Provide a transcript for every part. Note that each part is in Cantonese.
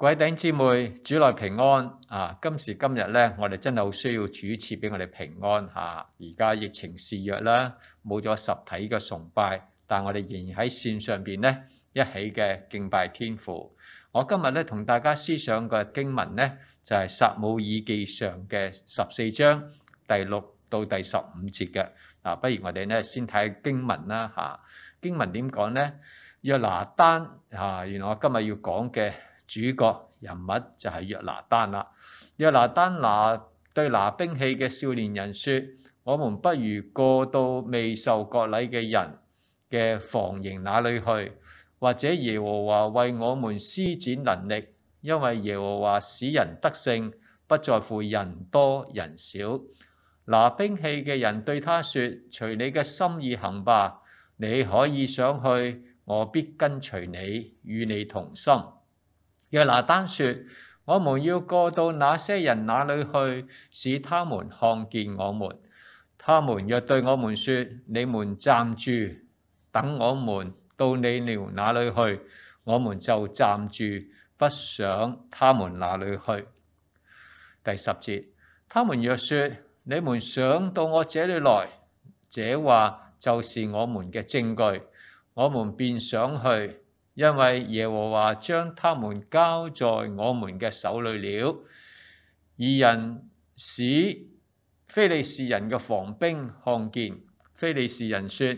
各位弟兄姊妹主內平安啊！今時今日咧，我哋真係好需要主賜俾我哋平安嚇。啊，而家疫情肆虐啦，冇咗實體嘅崇拜，但我哋仍然喺線上邊咧一起嘅敬拜天父。我今日咧同大家思想嘅經文咧就係、是、撒母耳記上嘅十四章第六到第十五節嘅嗱，不如我哋咧先睇經文啦嚇、啊。經文點講咧？約拿單，嚇、啊，原來我今日要講嘅。主角人物就係約拿丹啦。約拿丹拿對拿兵器嘅少年人説：我們不如過到未受割禮嘅人嘅防營那裡去，或者耶和華為我們施展能力，因為耶和華使人得勝，不在乎人多人少。拿兵器嘅人對他説：隨你嘅心意行吧，你可以上去，我必跟隨你，與你同心。若約拿單說：我們要過到那些人那裏去，使他們看見我們。他們若對我們說：你們站住，等我們到你們那裏去，我們就站住，不想他們那裏去。第十節，他們若說：你們想到我這裏來，這話就是我們嘅證據，我們便想去。因為耶和華將他們交在我們嘅手裏了，二人使非利士人嘅防兵看見，非利士人說：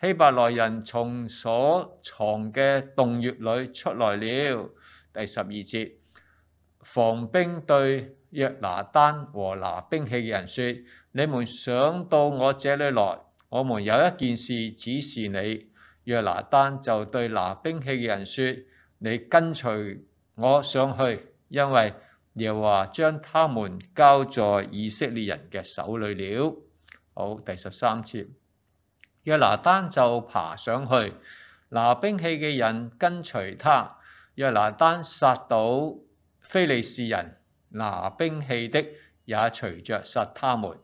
希伯來人從所藏嘅洞穴裏出來了。第十二節，防兵對約拿單和拿兵器嘅人說：你們想到我這裏來，我們有一件事指示你。約拿單就對拿兵器嘅人說：「你跟隨我上去，因為耶和華將他們交在以色列人嘅手裏了。好，第十三節。約拿單就爬上去，拿兵器嘅人跟隨他。約拿單殺倒非利士人，拿兵器的也隨着殺他們。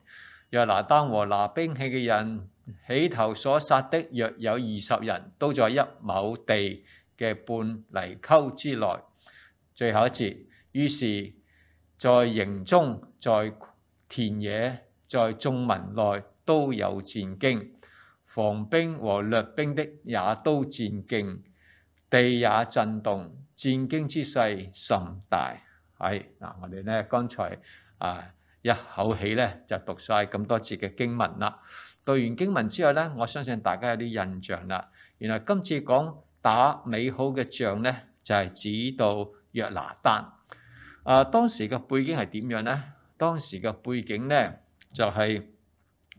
約拿單和拿兵器嘅人。起頭所殺的，約有二十人，都在一畝地嘅半泥溝之內。最後一節，於是在營中、在田野、在眾民內都有戰兢，防兵和掠兵的也都戰兢，地也震動，戰兢之勢甚大。係嗱，我哋呢剛才啊一口氣呢就讀晒咁多節嘅經文啦。讀完經文之後呢，我相信大家有啲印象啦。原來今次講打美好嘅仗呢，就係指到約拿丹。啊，當時嘅背景係點樣呢？當時嘅背景呢就係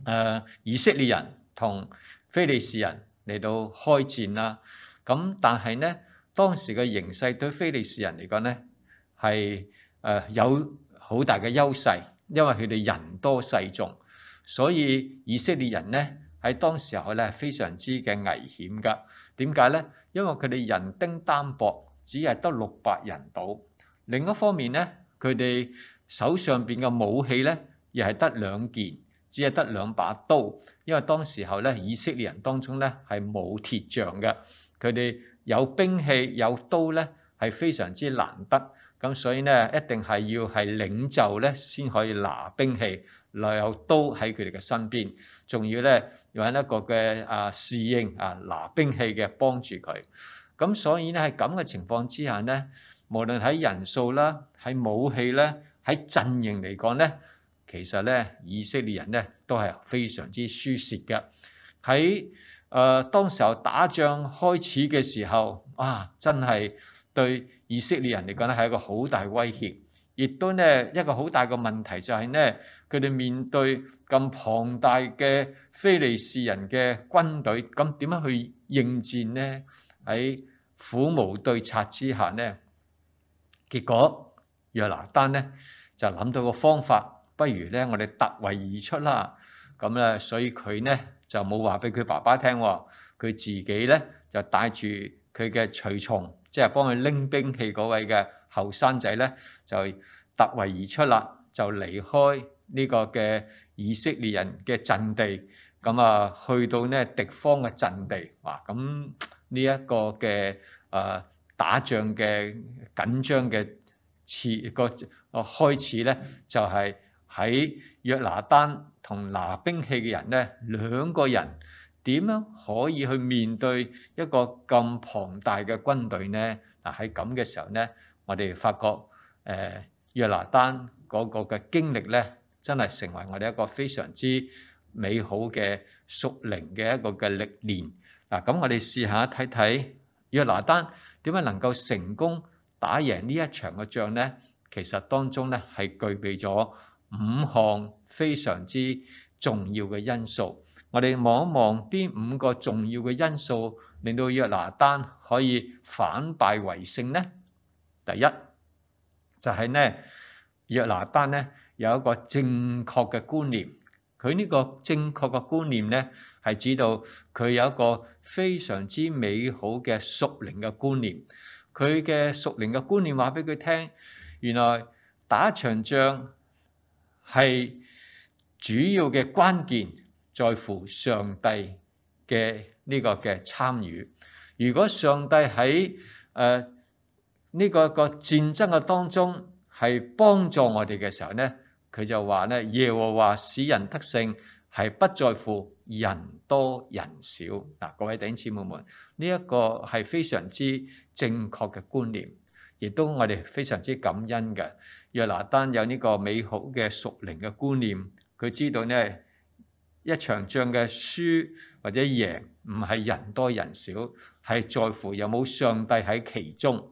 誒以色列人同非利士人嚟到開戰啦。咁但係呢，當時嘅形勢對非利士人嚟講呢係誒有好大嘅優勢，因為佢哋人多勢眾。所以以色列人呢，喺當時候咧非常之嘅危險㗎。點解呢？因為佢哋人丁單薄，只係得六百人到。另一方面呢，佢哋手上邊嘅武器呢，亦係得兩件，只係得兩把刀。因為當時候呢，以色列人當中呢，係冇鐵匠嘅，佢哋有兵器有刀呢，係非常之難得。咁所以呢，一定係要係領袖呢，先可以拿兵器。又有刀喺佢哋嘅身邊，仲要咧用一個嘅啊侍應啊拿兵器嘅幫助佢。咁、嗯、所以咧喺咁嘅情況之下呢，無論喺人數啦、喺武器咧、喺陣營嚟講咧，其實咧以色列人咧都係非常之輸蝕嘅。喺誒、呃、當時候打仗開始嘅時候，啊真係對以色列人嚟講咧係一個好大威脅。亦都咧一個好大嘅問題就係咧，佢哋面對咁龐大嘅非利士人嘅軍隊，咁點樣去應戰呢？喺苦無對策之下呢，結果約拿單咧就諗到個方法，不如咧我哋突圍而出啦。咁咧，所以佢呢就冇話俾佢爸爸聽，佢自己咧就帶住佢嘅隨從，即係幫佢拎兵器嗰位嘅。後生仔咧就突圍而出啦，就離開呢個嘅以色列人嘅陣地，咁啊去到呢敵方嘅陣地。哇！咁呢一個嘅誒、呃、打仗嘅緊張嘅次個開始呢，就係、是、喺約拿丹同拿兵器嘅人呢，兩個人點樣可以去面對一個咁龐大嘅軍隊呢？嗱、啊，喺咁嘅時候呢。我哋發覺誒約拿單嗰個嘅經歷咧，真係成為我哋一個非常之美好嘅屬靈嘅一個嘅歷練嗱。咁我哋試下睇睇約拿單點樣能夠成功打贏呢一場嘅仗咧？其實當中咧係具備咗五項非常之重要嘅因素。我哋望一望呢五個重要嘅因素，令到約拿單可以反敗為勝咧。第一就係呢，約拿單呢有一個正確嘅觀念，佢呢個正確嘅觀念呢係指到佢有一個非常之美好嘅屬靈嘅觀念，佢嘅屬靈嘅觀念話俾佢聽，原來打一場仗係主要嘅關鍵在乎上帝嘅呢個嘅參與，如果上帝喺誒，呢個個戰爭嘅當中係幫助我哋嘅時候咧，佢就話咧：耶和華使人得勝係不在乎人多人少嗱、啊。各位弟兄姊妹們，呢、這、一個係非常之正確嘅觀念，亦都我哋非常之感恩嘅。若拿單有呢個美好嘅屬靈嘅觀念，佢知道咧一場仗嘅輸或者贏唔係人多人少，係在乎有冇上帝喺其中。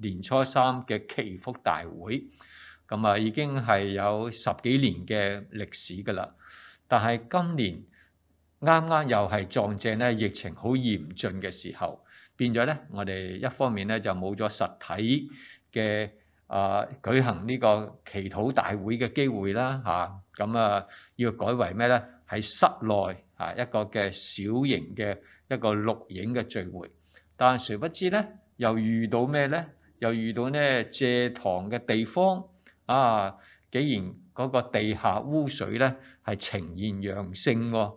年初三嘅祈福大會，咁啊已經係有十幾年嘅歷史㗎啦。但係今年啱啱又係撞正咧疫情好嚴峻嘅時候，變咗咧，我哋一方面咧就冇咗實體嘅啊舉行呢個祈禱大會嘅機會啦嚇。咁啊要改為咩咧？喺室內啊一個嘅小型嘅一個錄影嘅聚會。但係誰不知咧，又遇到咩咧？就遇到咧借堂嘅地方啊，既然嗰個地下污水咧係呈現陽性，咁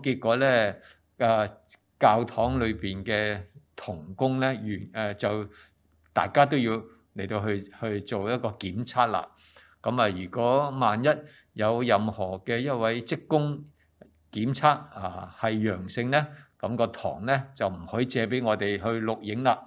結果咧誒教堂裏邊嘅同工咧，原誒就大家都要嚟到去去做一個檢測啦。咁啊，如果萬一有任何嘅一位職工檢測啊係陽性咧，咁個堂咧就唔可以借俾我哋去錄影啦。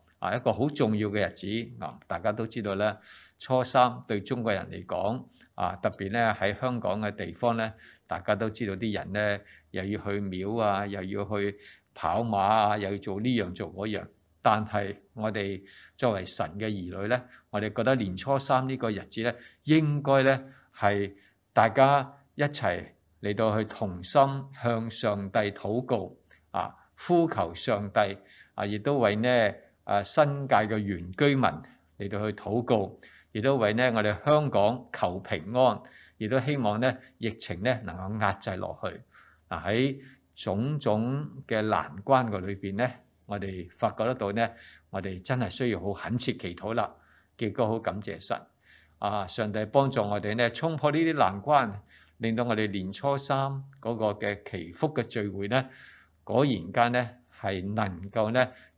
啊，一個好重要嘅日子，啊，大家都知道咧。初三對中國人嚟講，啊，特別咧喺香港嘅地方咧，大家都知道啲人咧又要去廟啊，又要去跑馬啊，又要做呢樣做嗰樣。但係我哋作為神嘅兒女咧，我哋覺得年初三呢個日子咧，應該咧係大家一齊嚟到去同心向上帝禱告，啊，呼求上帝，啊，亦都為呢，啊！新界嘅原居民嚟到去禱告，亦都為咧我哋香港求平安，亦都希望咧疫情咧能夠壓制落去。嗱，喺種種嘅難關嘅裏邊咧，我哋發覺得到咧，我哋真係需要好懇切祈禱啦。結果好感謝神啊！上帝幫助我哋咧，衝破呢啲難關，令到我哋年初三嗰個嘅祈福嘅聚會咧，果然間咧係能夠咧～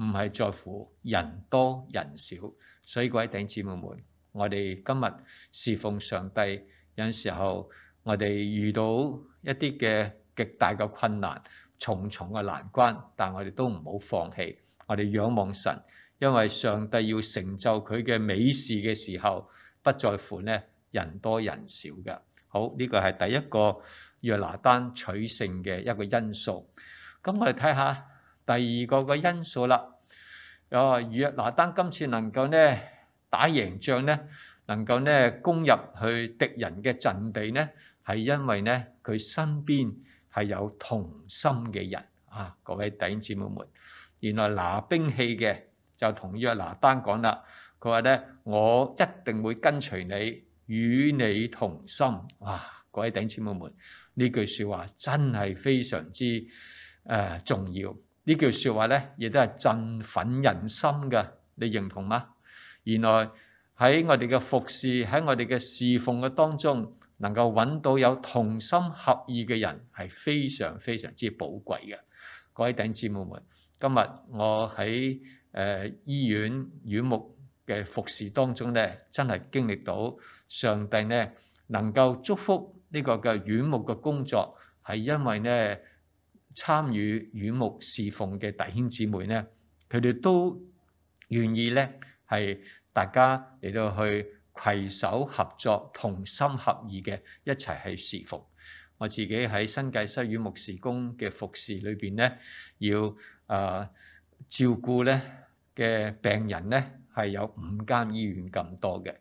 唔係在乎人多人少，所以各位弟兄姊妹，我哋今日侍奉上帝，有時候我哋遇到一啲嘅極大嘅困難、重重嘅難關，但我哋都唔好放棄，我哋仰望神，因為上帝要成就佢嘅美事嘅時候，不在乎呢人多人少嘅。好，呢個係第一個約拿單取勝嘅一個因素。咁我哋睇下。第二個嘅因素啦，啊，約拿丹今次能夠呢打贏仗呢，能夠呢攻入去敵人嘅陣地呢，係因為呢佢身邊係有同心嘅人啊！各位頂姊妹們，原來拿兵器嘅就同約拿丹講啦，佢話呢：我一定會跟隨你，與你同心啊！各位頂姊妹們，呢句説話真係非常之誒重要。呢句説話咧，亦都係振奮人心嘅，你認同嗎？原來喺我哋嘅服侍，喺我哋嘅侍奉嘅當中，能夠揾到有同心合意嘅人，係非常非常之寶貴嘅。各位弟兄姊妹們，今日我喺誒醫院院牧嘅服侍當中咧，真係經歷到上帝咧能夠祝福呢個嘅院牧嘅工作，係因為咧。參與院牧侍奉嘅弟兄姊妹咧，佢哋都願意咧，係大家嚟到去攜手合作、同心合意嘅一齊去侍奉。我自己喺新界西院牧事工嘅服侍裏邊咧，要誒照顧咧嘅病人咧，係有五間醫院咁多嘅。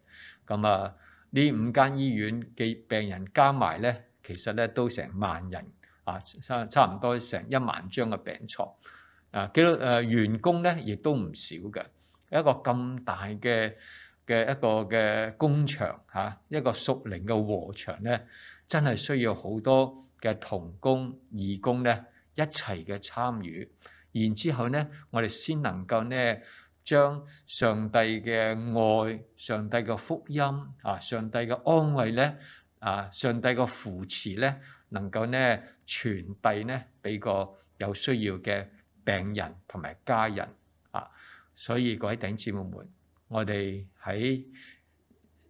咁啊，呢五間醫院嘅病人加埋咧，其實咧都成萬人。啊，差差唔多成一萬張嘅病牀，啊，叫誒員工咧，亦都唔少嘅。一個咁大嘅嘅一個嘅工場嚇，一個屬靈嘅禾場咧，真係需要好多嘅童工、義工咧一齊嘅參與，然之後咧，我哋先能夠咧將上帝嘅愛、上帝嘅福音啊、上帝嘅安慰咧啊、上帝嘅扶持咧，能夠咧。傳遞呢俾個有需要嘅病人同埋家人啊，所以各位弟兄姊妹，我哋喺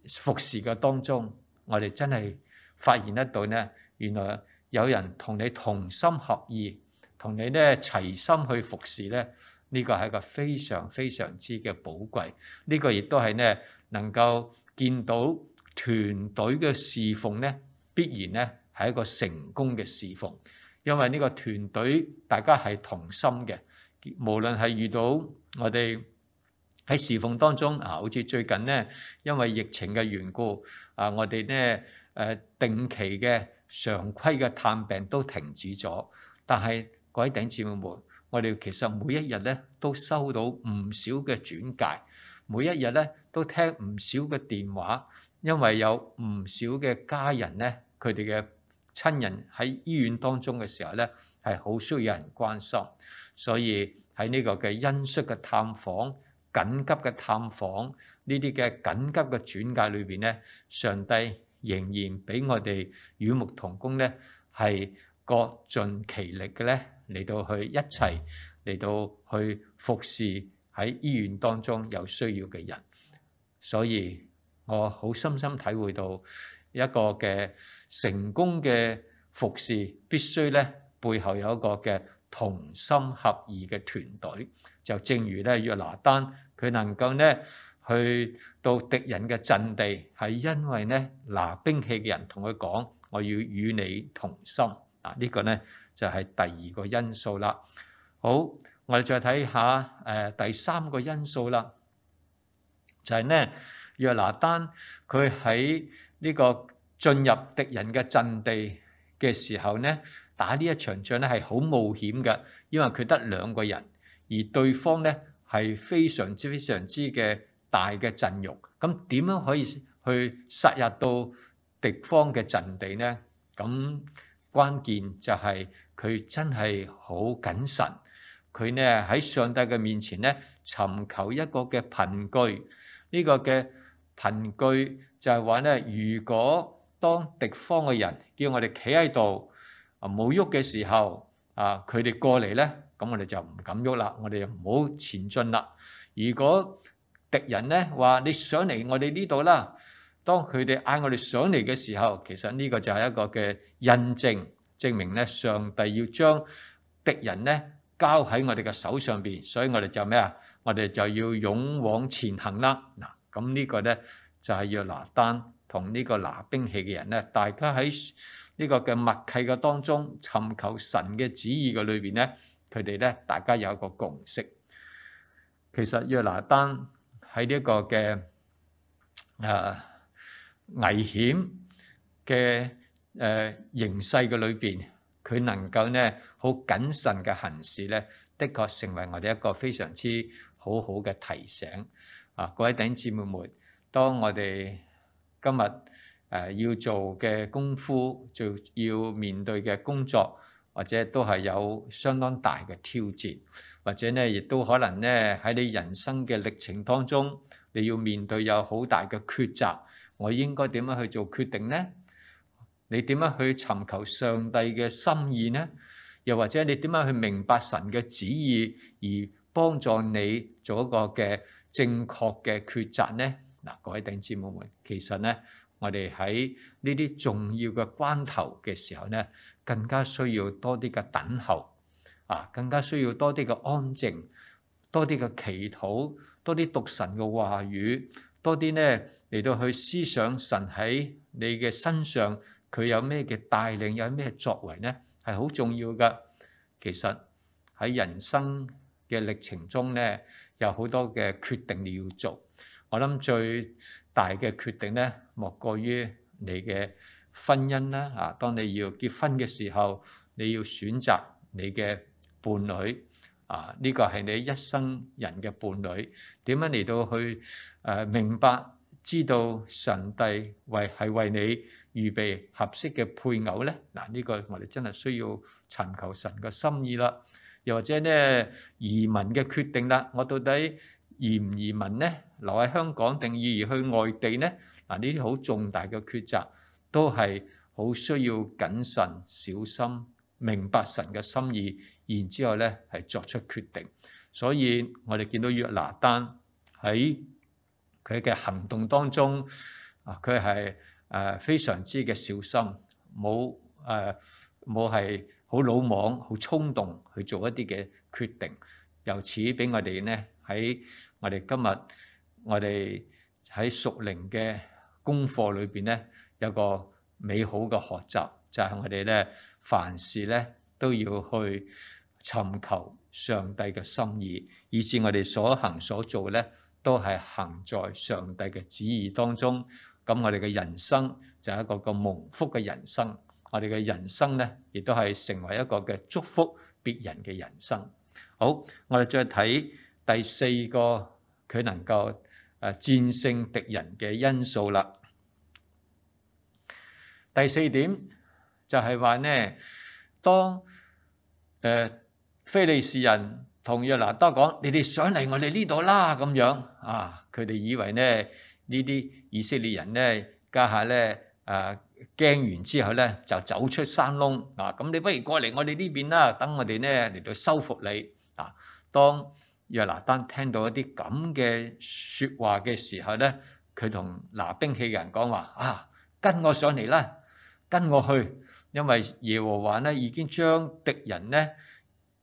服侍嘅當中，我哋真係發現得到呢，原來有人同你同心合意，同你呢齊心去服侍呢。呢個係一個非常非常之嘅寶貴，呢個亦都係呢，能夠見到團隊嘅侍奉呢，必然呢。係一個成功嘅侍奉，因為呢個團隊大家係同心嘅，無論係遇到我哋喺侍奉當中啊，好似最近呢，因為疫情嘅緣故啊，我哋呢誒、呃、定期嘅常規嘅探病都停止咗。但係各位頂志們，我哋其實每一日呢都收到唔少嘅轉介，每一日呢都聽唔少嘅電話，因為有唔少嘅家人呢，佢哋嘅。親人喺醫院當中嘅時候咧，係好需要有人關心，所以喺呢個嘅恩恤嘅探訪、緊急嘅探訪呢啲嘅緊急嘅轉介裏邊咧，上帝仍然俾我哋院牧同工咧，係各盡其力嘅咧，嚟到去一齊嚟到去服侍喺醫院當中有需要嘅人，所以我好深深體會到。一個嘅成功嘅服侍，必須咧背後有一個嘅同心合意嘅團隊。就正如咧約拿單，佢能夠咧去到敵人嘅陣地，係因為咧拿兵器嘅人同佢講：我要與你同心。啊，呢個咧就係第二個因素啦。好，我哋再睇下誒第三個因素啦，就係咧約拿單佢喺。呢個進入敵人嘅陣地嘅時候呢，打呢一場仗呢係好冒險嘅，因為佢得兩個人，而對方呢係非常之非常之嘅大嘅陣容。咁點樣可以去殺入到敵方嘅陣地呢？咁關鍵就係佢真係好謹慎，佢呢喺上帝嘅面前呢尋求一個嘅憑據，呢個嘅憑據。就係話咧，如果當敵方嘅人叫我哋企喺度啊冇喐嘅時候，啊佢哋過嚟咧，咁我哋就唔敢喐啦，我哋就唔好前進啦。如果敵人咧話你上嚟我哋呢度啦，當佢哋嗌我哋上嚟嘅時候，其實呢個就係一個嘅印證，證明咧上帝要將敵人咧交喺我哋嘅手上邊，所以我哋就咩啊？我哋就要勇往前行啦。嗱，咁呢個咧。就係約拿單同呢個拿兵器嘅人咧，大家喺呢個嘅默契嘅當中尋求神嘅旨意嘅裏邊咧，佢哋咧大家有一個共識。其實約拿單喺呢個嘅誒危險嘅誒形勢嘅裏邊，佢能夠咧好謹慎嘅行事咧，的確成為我哋一個非常之好好嘅提醒。啊，各位弟兄姊妹們。當我哋今日誒要做嘅功夫，做要面對嘅工作，或者都係有相當大嘅挑戰，或者呢，亦都可能呢，喺你人生嘅歷程當中，你要面對有好大嘅抉擇。我應該點樣去做決定呢？你點樣去尋求上帝嘅心意呢？又或者你點樣去明白神嘅旨意，而幫助你做一個嘅正確嘅抉擇呢？嗱，各位弟兄姊妹，其實咧，我哋喺呢啲重要嘅關頭嘅時候咧，更加需要多啲嘅等候，啊，更加需要多啲嘅安靜，多啲嘅祈禱，多啲讀神嘅話語，多啲咧嚟到去思想神喺你嘅身上，佢有咩嘅帶領，有咩作為咧，係好重要嘅。其實喺人生嘅歷程中咧，有好多嘅決定你要做。我諗最大嘅決定咧，莫過於你嘅婚姻啦。啊，當你要結婚嘅時候，你要選擇你嘅伴侶啊，呢、這個係你一生人嘅伴侶。點樣嚟到去誒、啊、明白知道神帝為係為你預備合適嘅配偶呢？嗱、啊，呢、這個我哋真係需要尋求神嘅心意啦。又或者呢，移民嘅決定啦，我到底，移唔移民呢，留喺香港定移去外地呢？嗱，呢啲好重大嘅抉擇，都係好需要謹慎小心，明白神嘅心意，然之後呢係作出決定。所以我哋見到約拿單喺佢嘅行動當中，啊，佢係誒非常之嘅小心，冇誒冇係好魯莽、好衝動去做一啲嘅決定。由此俾我哋呢喺我哋今日我哋喺屬靈嘅功課裏邊咧，有個美好嘅學習，就係我哋咧，凡事咧都要去尋求上帝嘅心意，以致我哋所行所做咧，都係行在上帝嘅旨意當中。咁我哋嘅人生就係一個個蒙福嘅人生，我哋嘅人生咧，亦都係成為一個嘅祝福別人嘅人生。好，我哋再睇。第四個佢能夠誒戰勝敵人嘅因素啦。第四點就係話咧，當誒非利士人同約拿單講，你哋上嚟我哋呢度啦，咁樣啊，佢哋以為咧呢啲以色列人咧，家下咧誒驚完之後咧就走出山窿啊，咁你不如過嚟我哋呢邊啦，等我哋咧嚟到收服你啊，當。約拿丹聽到一啲咁嘅説話嘅時候咧，佢同拿兵器嘅人講話：啊，跟我上嚟啦，跟我去，因為耶和華咧已經將敵人咧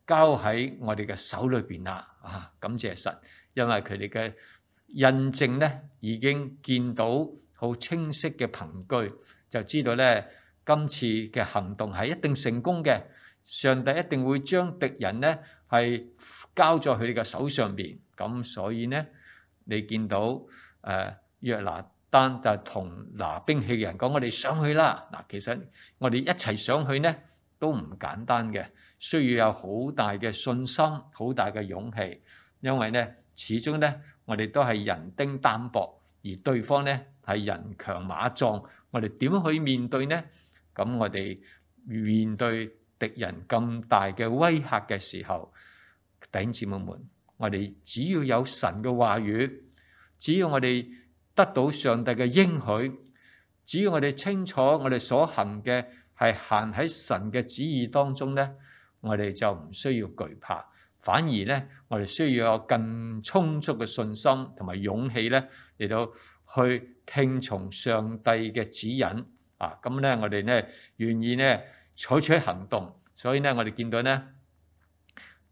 交喺我哋嘅手裏邊啦。啊，感謝神，因為佢哋嘅印證咧已經見到好清晰嘅憑據，就知道咧今次嘅行動係一定成功嘅。上帝一定會將敵人咧。係交在佢哋嘅手上邊，咁所以呢，你見到誒約拿單就係同拿兵器嘅人講：我哋上去啦！嗱，其實我哋一齊上去呢都唔簡單嘅，需要有好大嘅信心、好大嘅勇氣，因為呢始終呢我哋都係人丁單薄，而對方呢係人強馬壯，我哋點去面對呢？咁我哋面對敵人咁大嘅威嚇嘅時候，弟兄姊妹們，我哋只要有神嘅話語，只要我哋得到上帝嘅應許，只要我哋清楚我哋所行嘅係行喺神嘅旨意當中咧，我哋就唔需要懼怕，反而咧我哋需要有更充足嘅信心同埋勇氣咧嚟到去聽從上帝嘅指引啊！咁咧我哋咧願意咧採取，取行動，所以咧我哋見到咧。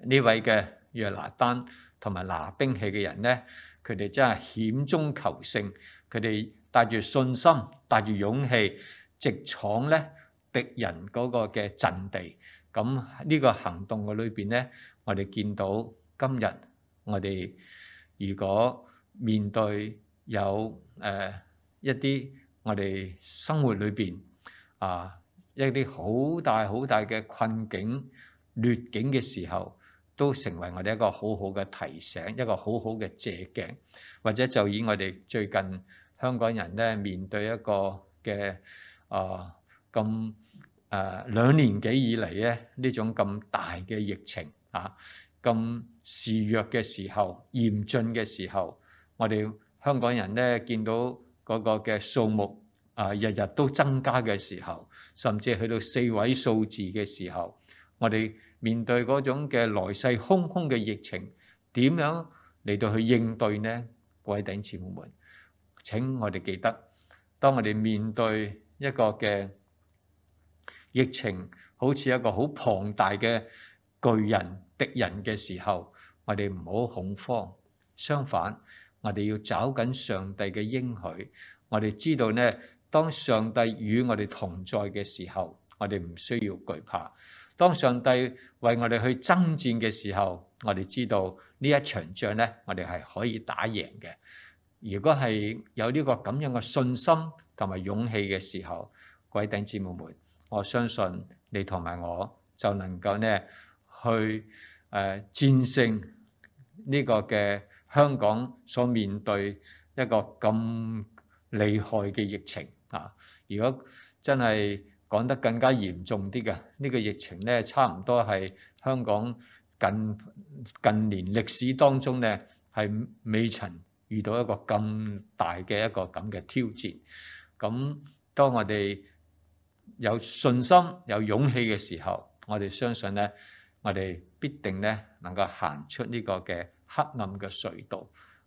呢位嘅約拿單同埋拿兵器嘅人呢，佢哋真係險中求勝，佢哋帶住信心、帶住勇氣，直闖呢敵人嗰個嘅陣地。咁呢個行動嘅裏邊呢，我哋見到今日我哋如果面對有誒一啲我哋生活裏邊啊一啲好大好大嘅困境、劣境嘅時候，都成為我哋一個好好嘅提醒，一個好好嘅借鏡，或者就以我哋最近香港人咧面對一個嘅啊咁啊兩年幾以嚟咧呢種咁大嘅疫情啊，咁肆虐嘅時候，嚴峻嘅時候，我哋香港人咧見到嗰個嘅數目啊日日都增加嘅時候，甚至去到四位數字嘅時候，我哋，面對嗰種嘅來勢洶洶嘅疫情，點樣嚟到去應對呢？各位弟兄姊妹，請我哋記得，當我哋面對一個嘅疫情，好似一個好龐大嘅巨人、敵人嘅時候，我哋唔好恐慌。相反，我哋要抓緊上帝嘅應許。我哋知道呢，當上帝與我哋同在嘅時候，我哋唔需要懼怕。當上帝為我哋去爭戰嘅時候，我哋知道呢一場仗呢，我哋係可以打贏嘅。如果係有呢個咁樣嘅信心同埋勇氣嘅時候，各位弟兄姊妹，我相信你同埋我就能夠呢去誒、呃、戰勝呢個嘅香港所面對一個咁厲害嘅疫情啊！如果真係，講得更加嚴重啲嘅，呢個疫情咧，差唔多係香港近近年歷史當中咧，係未曾遇到一個咁大嘅一個咁嘅挑戰。咁當我哋有信心、有勇氣嘅時候，我哋相信咧，我哋必定咧能夠行出呢個嘅黑暗嘅隧道，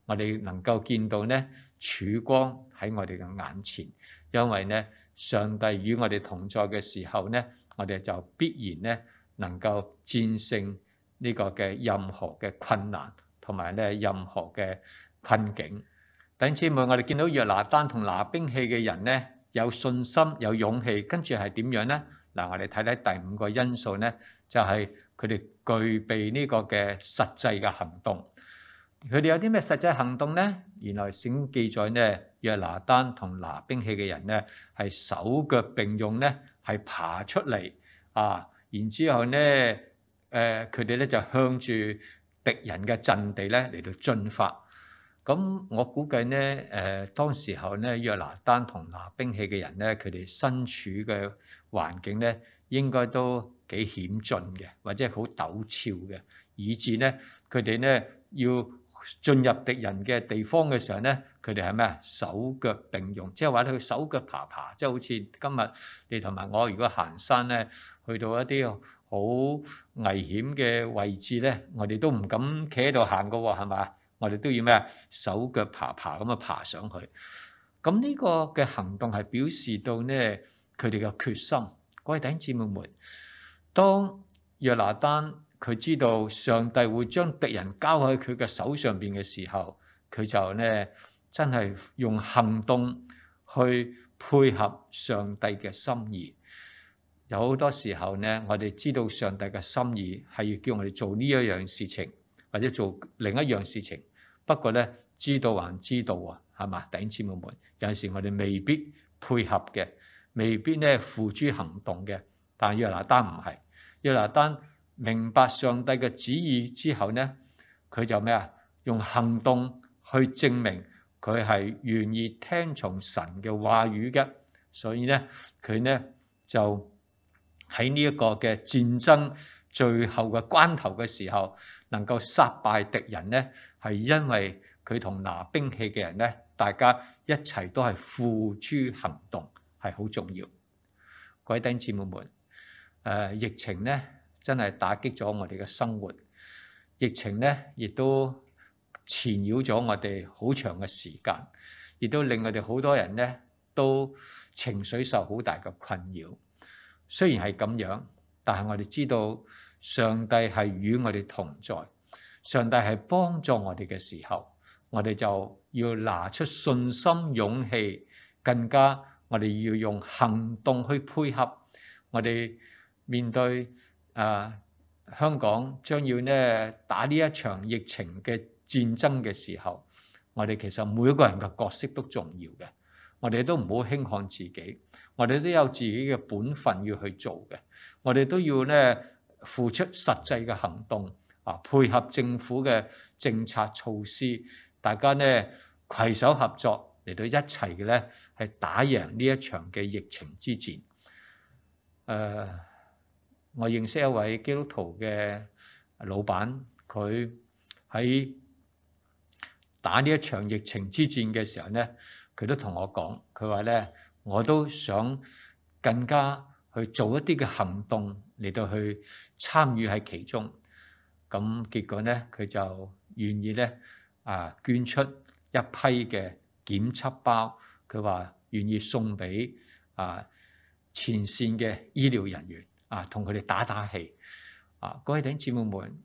我哋能夠見到咧曙光喺我哋嘅眼前，因為咧，上帝與我哋同在嘅時候呢，我哋就必然呢能夠戰勝呢個嘅任何嘅困難同埋呢任何嘅困境。弟兄姊妹，我哋見到約拿單同拿兵器嘅人呢，有信心、有勇氣，跟住係點樣呢？嗱，我哋睇睇第五個因素呢，就係佢哋具備呢個嘅實際嘅行動。佢哋有啲咩實際行動呢？原來聖記載呢，約拿單同拿兵器嘅人呢，係手腳並用呢，係爬出嚟啊！然之後呢，誒佢哋咧就向住敵人嘅陣地咧嚟到進發。咁我估計呢，誒、呃、當時候呢，約拿單同拿兵器嘅人呢，佢哋身處嘅環境呢，應該都幾險峻嘅，或者好陡峭嘅，以致呢，佢哋呢，要進入敵人嘅地方嘅時候咧，佢哋係咩啊？手腳並用，即係話咧，佢手腳爬爬，即係好似今日你同埋我，如果行山咧，去到一啲好危險嘅位置咧，我哋都唔敢企喺度行㗎喎，係咪？我哋都要咩啊？手腳爬爬咁啊爬上去。咁呢個嘅行動係表示到呢，佢哋嘅決心。各位弟兄姊妹們，當約拿單。佢知道上帝會將敵人交喺佢嘅手上邊嘅時候，佢就咧，真係用行動去配合上帝嘅心意。有好多時候咧，我哋知道上帝嘅心意係要叫我哋做呢一樣事情，或者做另一樣事情。不過咧，知道還知道啊，係嘛？頂之冇門，有陣時，我哋未必配合嘅，未必咧付諸行動嘅。但約拿單唔係約拿單。明白上帝嘅旨意之後呢，佢就咩啊？用行動去證明佢係願意聽從神嘅話語嘅。所以呢，佢呢就喺呢一個嘅戰爭最後嘅關頭嘅時候，能夠殺敗敵人呢，係因為佢同拿兵器嘅人呢，大家一齊都係付諸行動，係好重要。各位弟兄姊妹們，呃，疫情呢。真係打擊咗我哋嘅生活，疫情咧亦都纏繞咗我哋好長嘅時間，亦都令我哋好多人咧都情緒受好大嘅困擾。雖然係咁樣，但係我哋知道上帝係與我哋同在，上帝係幫助我哋嘅時候，我哋就要拿出信心、勇氣，更加我哋要用行動去配合我哋面對。啊、呃！香港將要呢打呢一場疫情嘅戰爭嘅時候，我哋其實每一個人嘅角色都重要嘅。我哋都唔好輕看自己，我哋都有自己嘅本分要去做嘅。我哋都要呢付出實際嘅行動啊、呃，配合政府嘅政策措施，大家呢，攜手合作嚟到一齊嘅咧，係打贏呢一場嘅疫情之戰。誒、呃！我認識一位基督徒嘅老闆，佢喺打呢一場疫情之戰嘅時候咧，佢都同我講，佢話咧，我都想更加去做一啲嘅行動嚟到去參與喺其中。咁結果咧，佢就願意咧啊捐出一批嘅檢測包，佢話願意送俾啊前線嘅醫療人員。啊！同佢哋打打氣啊！各位弟兄姊妹，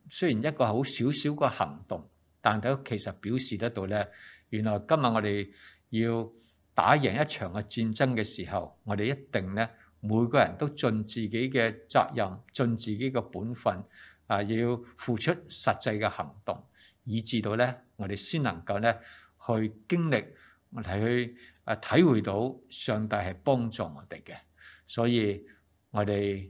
雖然一個好少少個行動，但係其實表示得到咧，原來今日我哋要打贏一場嘅戰爭嘅時候，我哋一定咧，每個人都盡自己嘅責任，盡自己嘅本分啊！要付出實際嘅行動，以至到咧，我哋先能夠咧去經歷，我哋去啊體會到上帝係幫助我哋嘅，所以我哋。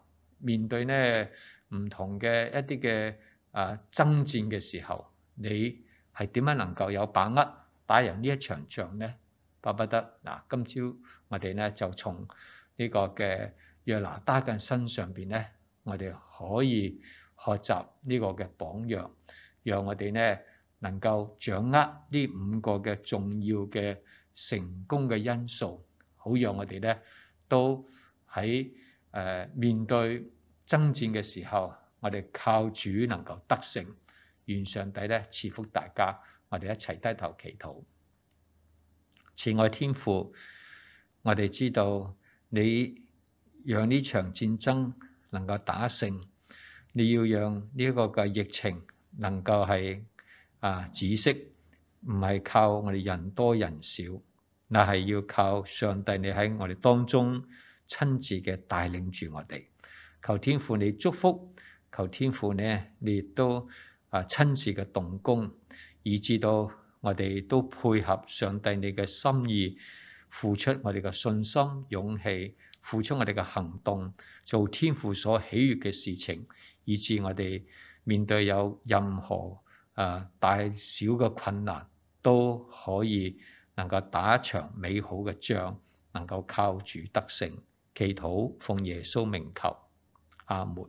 面對咧唔同嘅一啲嘅啊爭戰嘅時候，你係點樣能夠有把握打贏呢一場仗咧？巴不得嗱，今朝我哋咧就從呢個嘅約拿單嘅身上邊咧，我哋可以學習呢個嘅榜樣，讓我哋咧能夠掌握呢五個嘅重要嘅成功嘅因素，好讓我哋咧都喺。誒面對爭戰嘅時候，我哋靠主能夠得勝，願上帝咧賜福大家，我哋一齊低頭祈禱。慈愛天父，我哋知道你讓呢場戰爭能夠打勝，你要讓呢個嘅疫情能夠係啊止息，唔係靠我哋人多人少，乃係要靠上帝你喺我哋當中。親自嘅帶領住我哋，求天父你祝福，求天父呢，你亦都啊親自嘅動工，以至到我哋都配合上帝你嘅心意，付出我哋嘅信心、勇氣，付出我哋嘅行動，做天父所喜悅嘅事情，以至我哋面對有任何啊大小嘅困難，都可以能夠打一場美好嘅仗，能夠靠主得勝。祈禱奉耶穌名求，阿門。